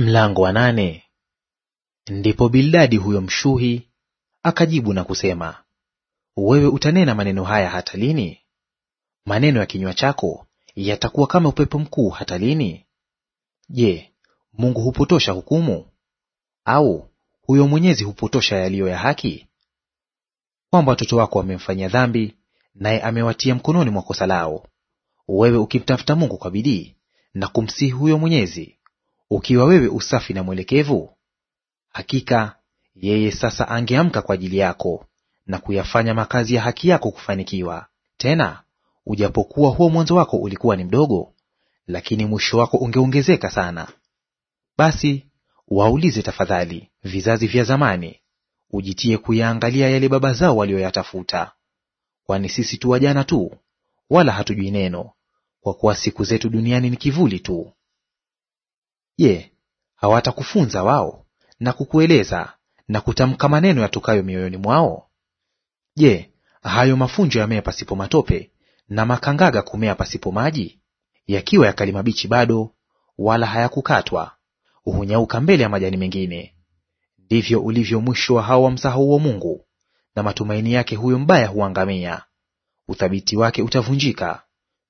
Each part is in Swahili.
Mlango wa nane. Ndipo Bildadi huyo mshuhi akajibu na kusema, wewe utanena maneno haya hata lini? Maneno ya kinywa chako yatakuwa kama upepo mkuu hata lini? Je, Mungu hupotosha hukumu? Au huyo Mwenyezi hupotosha yaliyo ya haki? Kwamba watoto wako wamemfanyia dhambi, naye amewatia mkononi mwa kosa lao. Wewe ukimtafuta Mungu kwa bidii na kumsihi huyo Mwenyezi ukiwa wewe usafi na mwelekevu, hakika yeye sasa angeamka kwa ajili yako na kuyafanya makazi ya haki yako kufanikiwa. Tena ujapokuwa huo mwanzo wako ulikuwa ni mdogo, lakini mwisho wako ungeongezeka sana. Basi waulize tafadhali vizazi vya zamani, ujitie kuyaangalia yale baba zao walioyatafuta. Kwani sisi tu wajana tu, wala hatujui neno, kwa kuwa siku zetu duniani ni kivuli tu. Je, hawatakufunza wao na kukueleza na kutamka maneno yatokayo mioyoni mwao? Je, hayo mafunjo yamea pasipo matope na makangaga kumea pasipo maji? Yakiwa yakali mabichi bado, wala hayakukatwa, hunyauka mbele ya majani mengine. Ndivyo ulivyo mwisho wa hao wamsahauo Mungu, na matumaini yake huyo mbaya huangamia. Uthabiti wake utavunjika,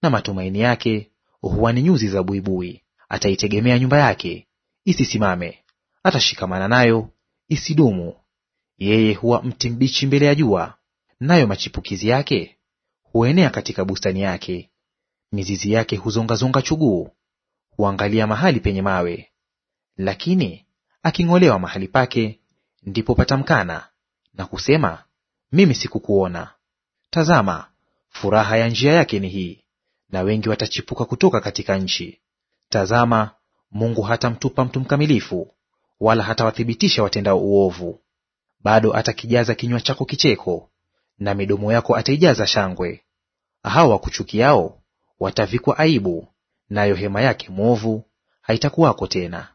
na matumaini yake huwa ni nyuzi za buibui. Ataitegemea nyumba yake isisimame, atashikamana nayo isidumu. Yeye huwa mti mbichi mbele ya jua, nayo machipukizi yake huenea katika bustani yake. Mizizi yake huzongazonga chuguu, huangalia mahali penye mawe. Lakini aking'olewa mahali pake, ndipo patamkana na kusema, mimi sikukuona. Tazama, furaha ya njia yake ni hii, na wengi watachipuka kutoka katika nchi. Tazama, Mungu hatamtupa mtu mkamilifu, wala hatawathibitisha watendao uovu. Bado atakijaza kinywa chako kicheko, na midomo yako ataijaza shangwe. Hao wakuchukiao watavikwa aibu, nayo hema yake mwovu haitakuwako tena.